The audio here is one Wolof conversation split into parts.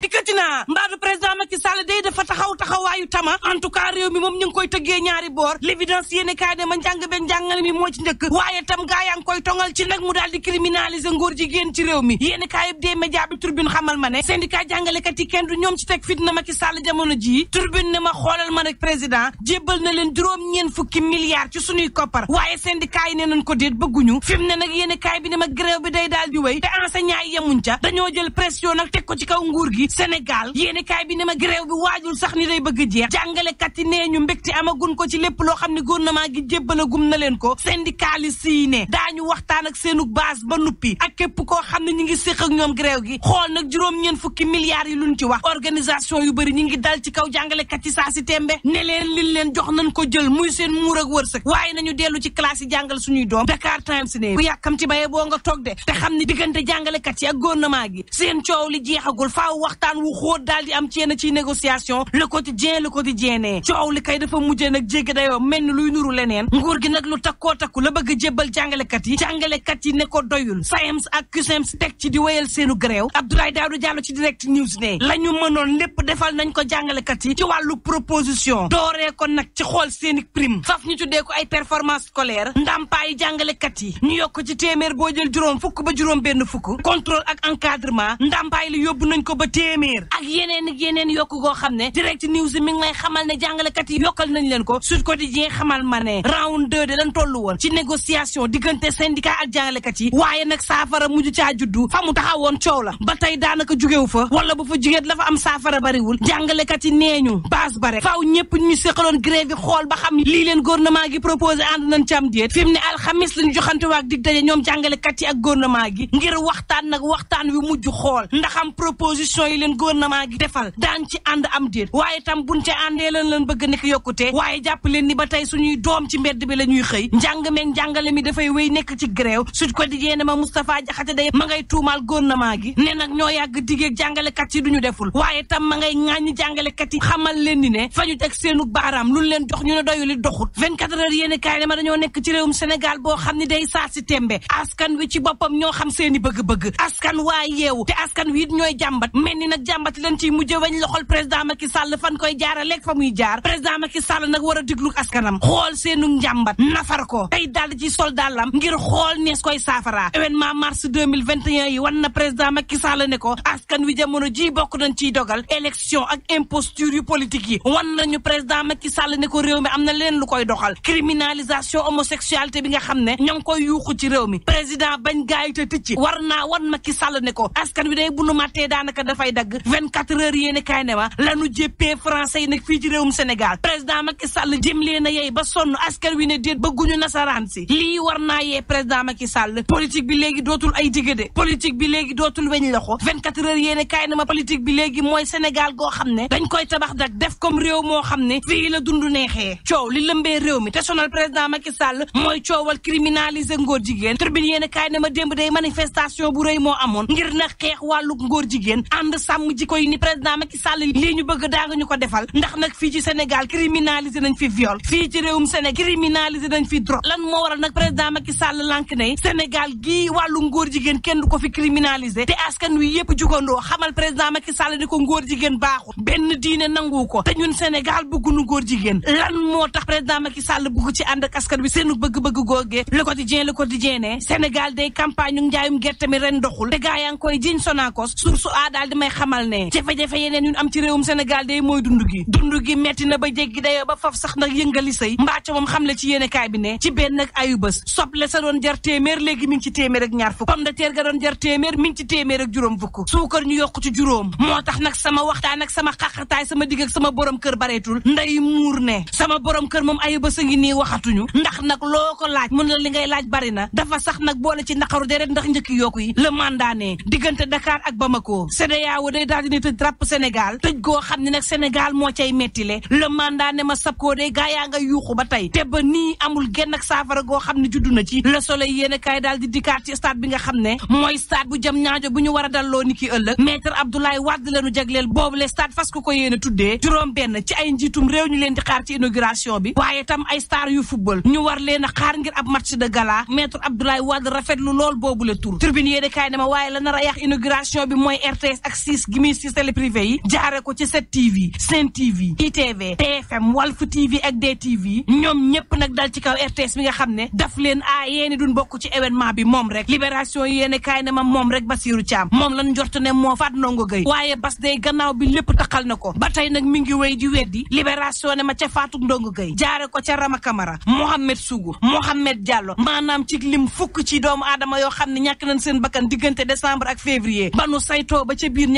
dikkati naa mbaadu président Macky Sall day dafa taxaw taxawaayu tama en tout cas réew mi moom ñu ngi koy tëggee ñaari boor l'évidence yéen kaay ne ma njàng ben njàngale mi moo ci njëkk waaye tam gaa yaa koy tongal ci nag mu daal di criminaliser ngóor jigéen ci réew mi yéen kaay yëpp des média bi turbine xamal ma yi kenn du ñoom ci teg fitna Macky Sall jamono jii turbine ne ma xoolal ma rek président jébbal na leen juróom-ñeen fukki milliards ci suñuy koppar waaye syndicat yi ne nañ ko déet bëgguñu fi ne nag yéen kaay bi ne ma grève bi day daal di wéy te enseignant yi yemuñ ca dañoo jël pression nag teg ko ci kaw nguur gi Sénégal yéene bi ne ma gréew bi waajul sax ni day bëgg jeex jàngalekat yi nee ñu mbégte amagun ko ci lépp loo xam ne gouvernement gi jébbalagum na leen ko syndicaliste yi ne ñu waxtaan ak seenu base ba nuppi ak képp koo xam ne ñi ngi séq ak ñoom gréew gi xool nag juróom-ñeen fukki milliards yi lu luñ ci wax organisation yu bëri ñi ngi dal ci kaw jàngalekat yi saa si tembe ne leen liñ leen jox nañ ko jël muy seen muur ak wërsëg waaye nañu dellu ci classe jàngal suñuy doom Dakar Times ne bu yàkkamti baye boo nga toog te xam ne diggante jàngalekat yi ak gouvernement gi seen coow li jeexagul faaw wax waxtaan wu xóot daal di am ci yenn ciy négociation le quotidien le quotidien ne coow li kay dafa mujjee nag jéggi dayoo mel ni luy nuru leneen nguur gi nag lu takkoo takku la bëgg a jébbal jàngalekat yi jàngalekat yi ne ko doyul SAEMS ak CUSEMS e teg ci di wéyal seenu gréew Abdoulaye Daouda jàll ci direct news ne la ñu mënoon lépp defal nañ ko jàngalekat yi ci wàllu proposition dooree ko nag ci xool seeni prime faf ñu tuddee ko ay performance scolaire ndàmpaayu jàngalekat yi ñu yokk ci téeméer boo jël juróom fukk ba juróom benn fukk contrôle ak encadrement ndàmpaay li yóbbu nañ ko téeméer ak yeneen ak yeneen yokk goo xam ne direct news mi ngi lay xamal ne jàngalekat yi yokkal nañ leen ko Sud Quotidien xamal ma ne round deux de lañ tollu woon ci négociation diggante syndicat ak jàngalekat yi waaye nag saafara mujj caa juddu fa mu taxawoon coow la ba tey daanaka jugewu fa wala bu fa jugee dafa am saafara bariwul jàngalekat yi nee ñu baas ba rek faaw ñëpp ñu seqaloon grève yi xool ba xam lii leen gouvernement gi proposé ànd nañ ci am déet fi mu ne alxamis lañu joxante waak dig daje ñoom jàngalekat yi ak gouvernement gi ngir waxtaan nag waxtaan wi mujj xool yooyu leen gouvernement gi defal daan ci ànd am déet waaye tam buñ ca àndee leen leen bëgg nekk yokkute waaye jàpp leen ni ba tey suñuy doom ci mbedd bi la ñuy xëy njàng meeg njàngale mi dafay wéy nekk ci grève Sud Quotidien ma Moustapha Diakhaté day ma ngay tuumaal gouvernement gi ne nag ñoo yàgg digeeg jàngalekat yi duñu deful waaye tam ma ngay ŋaaññi jàngalekat yi xamal leen ni ne ñu teg seenu baaraam luñ leen jox ñu ne doyu li doxut 24 heures yéeni kaay ne ma dañoo nekk ci réewum Sénégal boo xam ne day saa si tembe askan wi ci boppam ñoo xam seeni bëgg-bëgg askan waa yeewu te askan wi it ñooy jàmbat yi nag jàmbati leen ciy mujjë weñ loxol président Macky Sall fan koy jaaraleeg fa jaar président Macky Sall nag war a diglu askanam xool seenu njàmbat nafar ko tey daal ci sol dàllam ngir xool nees koy saafaraa événement mars 2021 yi wan na président Macky Sall ne ko askan wi jamono ji bokk nañ ciy dogal élection ak imposture yi politique yi wan ñu président mak Macky Sall ne ko réew mi am na leen lu koy doxal criminalisation homosexualité bi nga xam ne ñoo ngi koy yuuxu ci réew mi président bañ gaay te tëcc war naa wan Macky Sall ne ko askan wi day bu nu mattee daanaka dafay dagg 24 heures yéene kaay ne ma lanu jéppee français yi nag fii ci réewum Sénégal président Macky Sall jëm leen a yey ba sonn askan wi ne déet bëgguñu nasaraan si lii war naa yee président Macky Sall politique bi léegi dootul ay digade politique bi léegi dootul weñ loxo 24 heures yéene kaay ne ma politique bi léegi mooy Sénégal goo xam ne dañ koy tabax dak def comme réew moo xam ne fii la dund neexee coow li lëmbee réew mi te sonal président Macky Sall mooy coowal criminaliser ngóor jigéen tribune yéene kaay ne ma démb day manifestation bu rëy moo amoon ngir na xeex wàllu ngóor jigéen sàmm ji koy ni président Macky Sall lii ñu bëgg daa nga ñu ko defal ndax nag fii ci Sénégal criminalisé nañ fi viol fii ci réewum Sénégal criminalisé nañ fi drogue lan moo waral nag président Macky Sall lànk ne Sénégal gii wàllu ngóor jigéen kenn du ko fi criminalisé te askan wi yëpp jugandoo xamal président Macky Sall ni ko ngóor jigéen baaxul benn diine nangu ko te ñun Sénégal bëggunu góor jigéen lan moo tax président Macky Sall bëgg ci ànd ak askan wi seenu bëgg-bëgg googee le quotidien le quotidien ne Sénégal day campagne ñu njaayum gerte mi ren doxul te gaa yaa ngi koy jiñ Sonacos source a xamal ne jafe-jafe yeneen ñun am ci réewum Sénégal day mooy dund gi dund gi metti na ba jeggi dayoo ba faf sax nag yëngali sëy mbaaco moom xam la ci yéene kaay bi ne ci benn ak ayu bés soble sa doon jar téeméer léegi mi ngi ci téeméer ak ñaar fukk pomme de terre ga doon jar téeméer mi ngi ci téeméer ak juróom fukk suukar ñu yokk ci juróom moo tax nag sama waxtaan ak sama xaqataay sama digg sama borom kër bareetul nday muur ne sama borom kër moom ayu bés a ngi nii waxatuñu ndax nag loo ko laaj mun la li ngay laaj bari na dafa sax nag boole ci naqaru deret ndax njëkki yokku yi le mandat diggante Dakar ak Bamako CEDEAO Diaw day daal dina tëj ràpp Sénégal tëj goo xam ne nag Sénégal moo cay mettile le mandat ne ma sab koo day gaa yaa nga yuuxu ba tey te ba nii amul genn ak saafara goo xam ne juddu na ci le soleil yéen kaay daal di dikkaat ci stade bi nga xam ne mooy stade bu jam ñaajo bu ñu war a dalloo ni ki ëllëg maître Abdoulaye Wade lañu jagleel boobu le stade fas ko ko yéen a tuddee juróom benn ci ay njiitum réew ñu leen di xaar ci inauguration bi waaye tam ay star yu ñu war leen a xaar ngir ab match de gala maître Abdoulaye Wade rafetlu lool boobu le tur tribune yéen kaay dama waaye la nar a yàq bi mooy RTS ak siis gi muy privé yi jaare ko ci 7TV Sen TV ITV TFM Walf TV ak DTV ñoom ñëpp nag dal ci kaw RTS bi nga xam ne daf leen a ah, yéeni duñ bokk ci événement bi moom rek libération yi yéene kaay ne ma moom rek Basiirou Thiam moom lan njort ne moo faat ndongo gay waaye bas day gannaaw bi lépp taxal na ko ba tey nag mi ngi wéy di weddi libération ne ma ca faatu ndongo gay jaare ko ca Rama Kamara Mohamed Sougou Mohamed Diallo maanaam ci lim fukk ci doomu aadama yoo xam ne ñàkk nañ seen bakkan diggante décembre ak février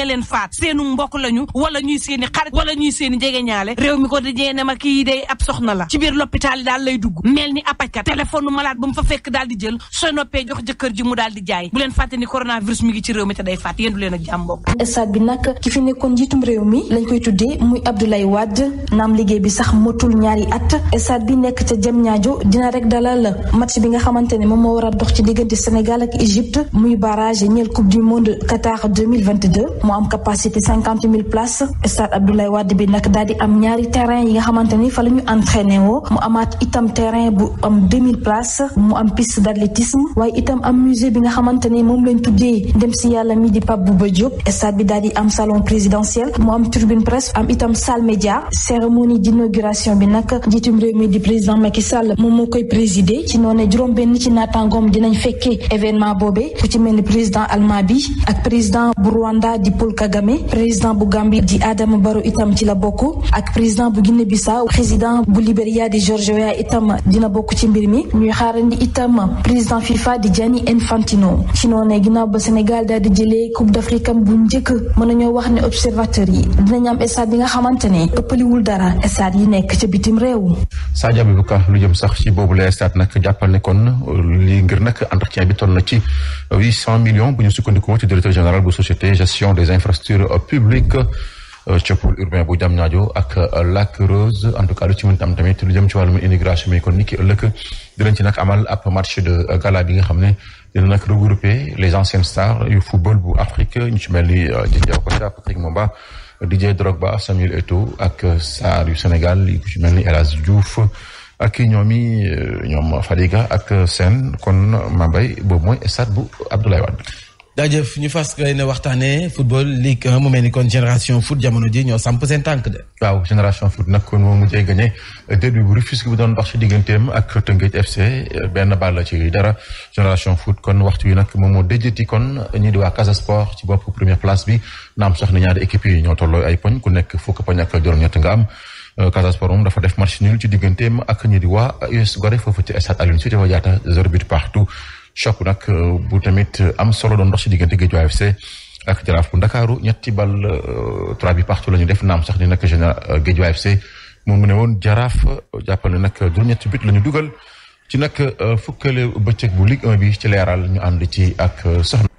ña leen faat seenu mbokk lañu wala ñuy seen i xarit wala ñuy seen jege jegeñaale réew mi ko dajee ne ma kii day ab soxna la ci biir l'hôpital yi daal lay dugg mel ni apajkat téléphone u malade ba mu fa fekk daal di jël soo noppee jox jëkkër ji mu daal di jaay bu leen fàtte ni coronavirus mi ngi ci réew mi te day faat yéen du leen ak jàmm mbokk stade bi nag ki fi nekkoon njiitum réew mi lañ koy tuddee muy Abdoulaye Wade naam liggéey bi sax motul ñaari at stade bi nekk ca jëm ñaajo dina rek dalal match bi nga xamante ne moom moo war a dox ci diggante Sénégal ak Égypte muy barrage ñeel coupe du monde Qatar 2022 mu am capacité cinquante mille places stade Abdoulaye Wade bi nag daal di am ñaari terrain yi nga xamante fa la ñu woo mu amaat itam terrain bu am deux mille places mu am piste d'athlétisme waaye itam am musée bi nga xamante ni moom lañ tuddee dem si yàlla mi di Pape Bouba Diop stade bi daal di am salon présidentiel mu am tribune presse am itam salle média cérémonie d'inauguration bi nag njiitum réew mi di président Macky Sall moom moo koy présider ci noonu juróom benn ci Paul Kagame président bu Gambie di Adama Barrow itam ci la bokk ak président bu Guinée Bissau président bu Libéria di George Weah itam dina bokk ci mbir mi ñuy xaarandi itam président FIFA di Gianni Infantino ci noonee ginnaaw ba Sénégal daal di jëlee coupe d'Afrique bu njëkk mën ñoo wax ne observateur yi dinañ am stade bi nga xamante ne ëppaliwul dara stade yi nekk ca bitim réew. Sadio Aboubacar lu jëm sax ci boobu la stade nag jàppal ne kon lii na des infrastructures publiques euh, coppul urbain bu jam naajo ak euh, Lac Rose en tout cas lu ci mën tam tamit lu jëm ci wàllum immigration mi kon ni ki ëllëg dinañ ci nag amal ab match de euh, gala bi nga xam ne dina nag regrouper les anciennes stars yu football bu Afrique ñu ci mel ni Djindia Okocha Patrick Momba Didier Drogba Samuel Eto'o ak star yu Sénégal yi ku ci mel ni El Hadji ak ñoomi ñoom Fadiga ak Sène kon Mambay boobu mooy stade bu Abdoulaye Wade fi ñu fas koy ne waxtaanee football Ligue 1 mu mel ni kon génération foot jamono ji ñoo samp seen tànk de. waaw génération foot nak kon moom mu mujjee gagné derby bu Rufisque bu doon dox ci digganteem ak Teungueth dara génération foot kon waxtu wi nag moom moo déjati kon di waa Casa Sport ci bopp première place bi naam sax ni ñaari tolloo ay poñ ku nekk am. Euh, Casa dafa def match nul ci digganteem ak ñii di foofu ci stade Aline Sitoé Diatta zéro but partout. choc nag euh, bu tamit euh, am solo doon ndox si diggante Géejawaay se ak Jaraaf bu Ndakaaru ñetti bal euh, trois bi partout la ñu def naam sax ni nag géej Géejawaay FC moom mu ne woon Jaraaf jàppale ne nag juróom-ñetti but la dugal ci nag fukkeelu bëccëg bu Ligue 1 bi ci leeral ñu ànd ci ak soxna.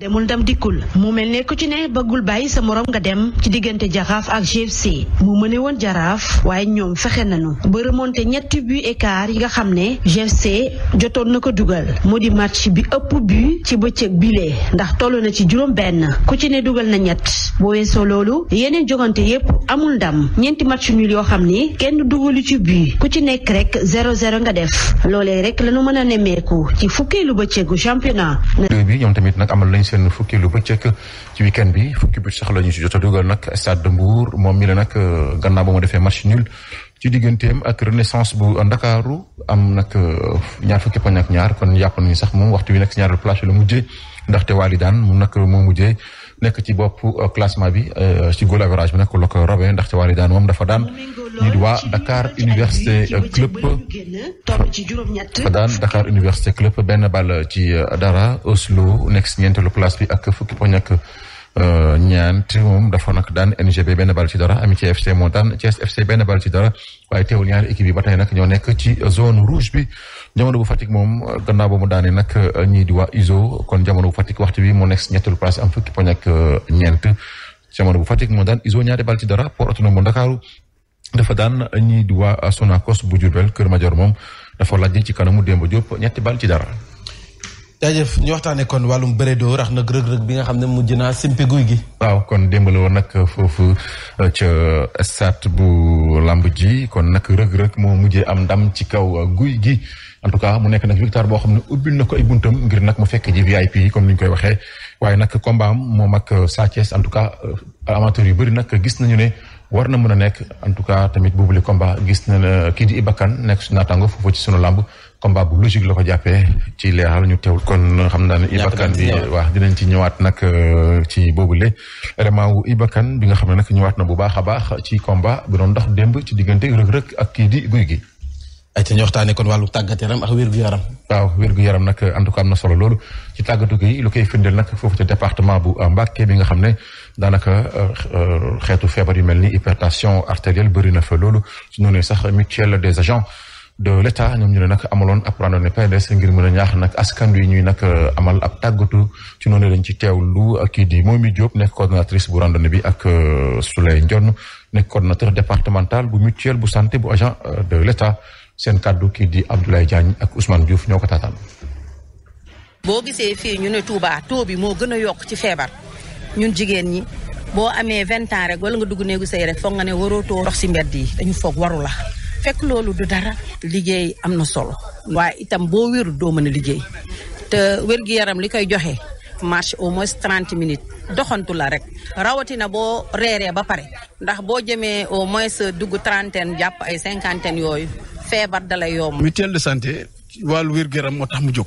demul ndam dikkul mu mel ne ku ci ne bëggul bàyyi sa moroom nga dem ci diggante jaraaf ak GFC mu mëne woon jaraaf waaye ñoom fexe nañu ba remonté ñetti but écart yi nga xam ne GFC jotoon na ko dugal mu di match bi ëpp but ci bëccëg bile ndax toll na ci juróom benn ku ci ne dugal na ñett boo weesoo loolu yeneen jogante yépp amul ndam ñeenti match nul yoo xam ni kenn dugalu ci but ku ci nekk rek 0-0 nga def loolee rek lañu mën a nemmeeku ci fukkeelu bëccëgu championnat nañ seen fukki lu bëccëg ci week-end bi fukki bu sax la ñu si jot a dugal nag stade de Mbour moom mi la nag euh, gannaaw ba mu defee match nul ci digganteem ak renaissance bu ndakaaru am nag euh, ñaar fukki poñ ak ñaar kon yàpp nañu sax moom waxtu wi nag si ñaareelu place la mujjee ndaxte Wally Daan mu nag moo mujjee nekk ci bopp euh, classement bi euh, ci goal average bi nag la ko robee ndax ci wàllu daan moom dafa daan ñu di waa Dakar Université euh, Club dafa daan Dakar Université Club benn ball ci dara Oslo nekk si ñeenteelu place bi ak fukki poñ Euh, ñaanti moom dafa nag daan NGB benn bal ci dara Amitié FC moo daan Thiès FC benn bal ci dara waaye teewul ñaari équipe yi ba tey nag ñoo nekk ci zone rouge bi jamono bu fatik moom gannaaw ba mu daane nag euh, ñii di waa ISO kon jamono bu Fatick waxtu bi moo nekk si ñetteelu place am fukki poñ ak euh, ñeent jamono bu Fatick moo daan ISO ñaari bal ci dara Port Autonome moo Ndakaaru dafa daan ñii di waa Sonacos bu Diourbel Kër Madior moom dafa lajjee ci kanamu Demba Diop ñetti bal ci dara. jaajëf ñu waxtaanee kon wàllum bëre doo rax nag rëg-rëg bi nga xam ne mujj naa simpi guy gi. waaw kon démb la woon nag foofu euh, ca stade bu lamb ji kon nag rëg-rëg moo mujje am ndam ci kaw euh, guy gi en tout cas mu nekk nag victoire boo xam ne ubbil na ko ay buntam ngir nag mu fekk ji VIP yi comme ni koy waxee waaye nag combat am moom ak euh, Sa en tout cas amateur yu bëri nag gis nañu ne. war na mën a nekk en tout cas tamit boobule combat gis na kii di Ibakan nekk su naataango foofu ci sunu làmb combat bu logique la ko jàppee ci leeral ñu teewul kon xam naa ne Ibakan bi waaw dinañ ci ñëwaat nag euh, ci boobule vraiment wu Ibakan bi nga xam ne ñëwaat na bu baax a baax ci combat bi doon dox démb ci diggante rëg-rëg ak kii di gi ay te ñu kon wàllu tàggat yaram ak wér yaram. waaw wér yaram nag en tout am na solo loolu ci tàggatu gi lu koy firndeel nag foofu ci département bu Mbacké bi nga xam ne daanaka euh, euh, xeetu feebar yu mel ni hypertension artérielle bëri na fa loolu su ñu nee sax mutuelle des agents. de l' état ñoom ñu ne nag amaloon ab randonnée ngir mën a ñaax nag askan wi ñuy nag euh, amal ab tàggatu ci noonu lañ ci teewlu kii di Momi Diop nekk coordonnatrice bu randonnée bi ak euh, Souley Ndion nekk coordonnateur départemental bu mutuelle bu santé bu agent euh, de l' seen kàddu kii di Abdoulaye Diagne ak Ousmane Diouf ñoo ko taataan. boo gisee fii ñu ne Touba bi moo gën a yokk ci feebar ñun jigéen ñi boo amee vingt ans rek wala nga dugg néegu sëy rek foog nga ne waroo si mbedd yi dañu foog la. fekk loolu du dara liggéey am na solo waaye itam boo wéru doo mën liggéey te wér-gi-yaram li koy joxe marche au moins trente minutes doxantu la rek rawatina boo reeree ba pare ndax boo jëmee au moins dugg trentaine jàpp ay cinquantaine yooyu feebar dalay yomb mutuelle de santé wàllu wér-gi-yaram moo tax mu jóg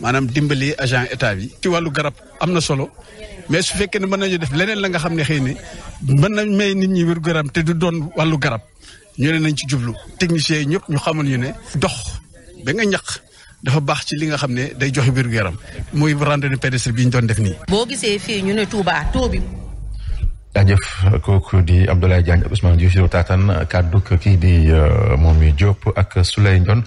maanaam dimbali agent état bi ci wàllu garab am na solo mais su fekkee ne mën nañu def leneen la nga xam ne xëy ne mën na may nit ñi wér-gu-yaram te du doon wàllu garab ñu ne nañ ci jublu techniciens yi ñëpp ñu xamal ñu ne dox ba nga ñaq dafa baax ci li nga xam ne day joxe biir yaram muy randonnée pédestre bi ñu doon def nii. boo gisee fii ñu ne Touba taw bi. jaajëf kooku di Abdoulaye Diagne ak Ousmane Diouf si taataan kàddu kii di euh, Momy Diop ak Souley Ndione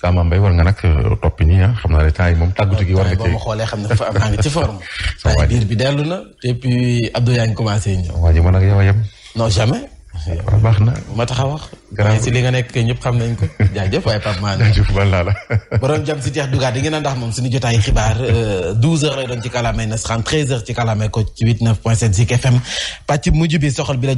Kaama Mbaye war nga nag euh, toppi nii ah, xam naa ne temps yi moom tàggatu gi war nga cee. boo xoolee xam ne dafa am maa ngi ci forme. biir bi dellu na et puis commencé waa ji ak yow a waaw baax na ma tax a wax. garaawul si xam nañ ko. jaajëf waaye Pape Malick jaajëf wallaa la. borom jam si jeex dugaat di ngeen a ndax moom suñu jotaay xibaar 12h euh, lay doon ci kàllaamay nasaraan 13h ci kàllaamay ko ci 89.7 Zik FM pàcc mujj bi soxal bi la.